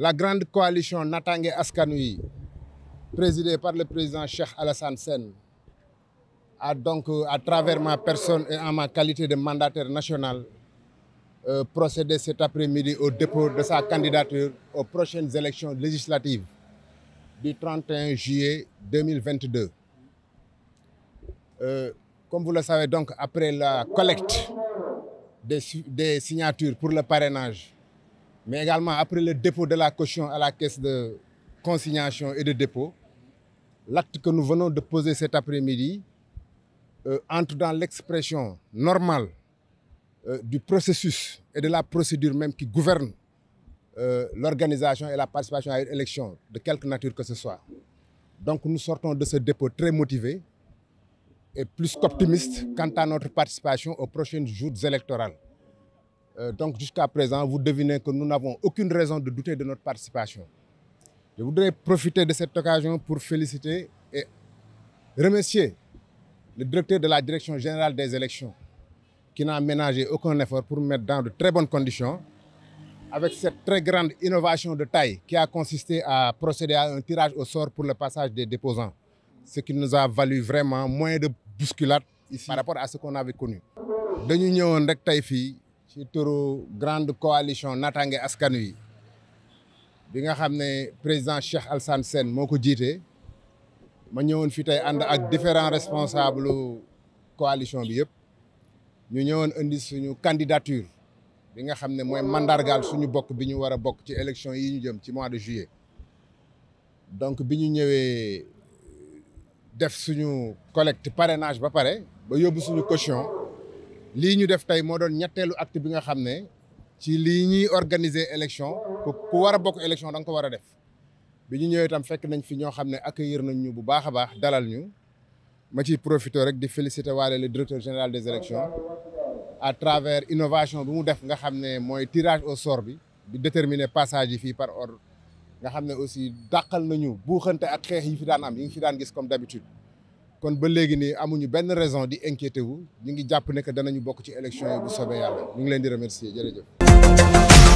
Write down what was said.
la grande coalition Natangué Askan Wi présidée par le président Cheikh Alassane Sène a donc à travers ma personne et en ma qualité de mandataire national euh, procédé cet après-midi au dépôt de sa candidature aux prochaines élections législatives du 31 juillet 2022. Euh, comme vous le savez donc, après la collecte des, des signatures pour le parrainage, mais également après le dépôt de la caution à la caisse de consignation et de dépôt, l'acte que nous venons de poser cet après-midi euh, entre dans l'expression normale euh, du processus et de la procédure même qui gouverne euh, l'organisation et la participation à une élection, de quelque nature que ce soit. Donc nous sortons de ce dépôt très motivés et plus qu'optimistes quant à notre participation aux prochains jours électoraux. Euh, donc jusqu'à présent, vous devinez que nous n'avons aucune raison de douter de notre participation. Je voudrais profiter de cette occasion pour féliciter et remercier le directeur de la Direction générale des élections qui n'a ménagé aucun effort pour mettre dans de très bonnes conditions avec cette très grande innovation de taille qui a à procéder à tirage au sort pour le passage des déposants, ce qui nous a valu vraiment moins de bousculades par rapport à ce qu'on avait ci turu grande coalition natange askan wi bi nga xam ne président Cheikh Alassane Sène moo ko jiitee ma ñëwoon fi tey ànd ak différent responsables coalition bi yëpp ñu ñëwoon indi suñu candidature bi nga xam ne mooy mandargaal suñu bokk bi ñu war a bokk ci élection yi ñu jëm ci mois de juillet donc bi ñu ñëwee def suñu collecte parrainage ba pare ba yóbbu suñu caution lii ñu def tey moo doon ñetteelu acte bi nga xam ne ci lii ñuy organiser élection ku war a bokk élection da nga ko war a def bi ñu ñëwee tam fekk nañ fi ñoo xam ne accueillir nañ ñu bu baax a baax dalal ñu ma ci profiter rek di féliciter waale le directeur général des élections à travers innovation bi mu def nga xam ne mooy tirage au sort bi di déterminer passage yi fii par or nga xam ne aussi dàqal nañu buuxante ak xeex yi fi daan am yi ngi fi daan gis comme d'habitude kon ba léegi nii amuñu benn raison di inquiété wu ñu ngi jàpp ne que danañu bokk ci élection yi bu soobee yàlla ñu ngi leen di remercier jërëjëf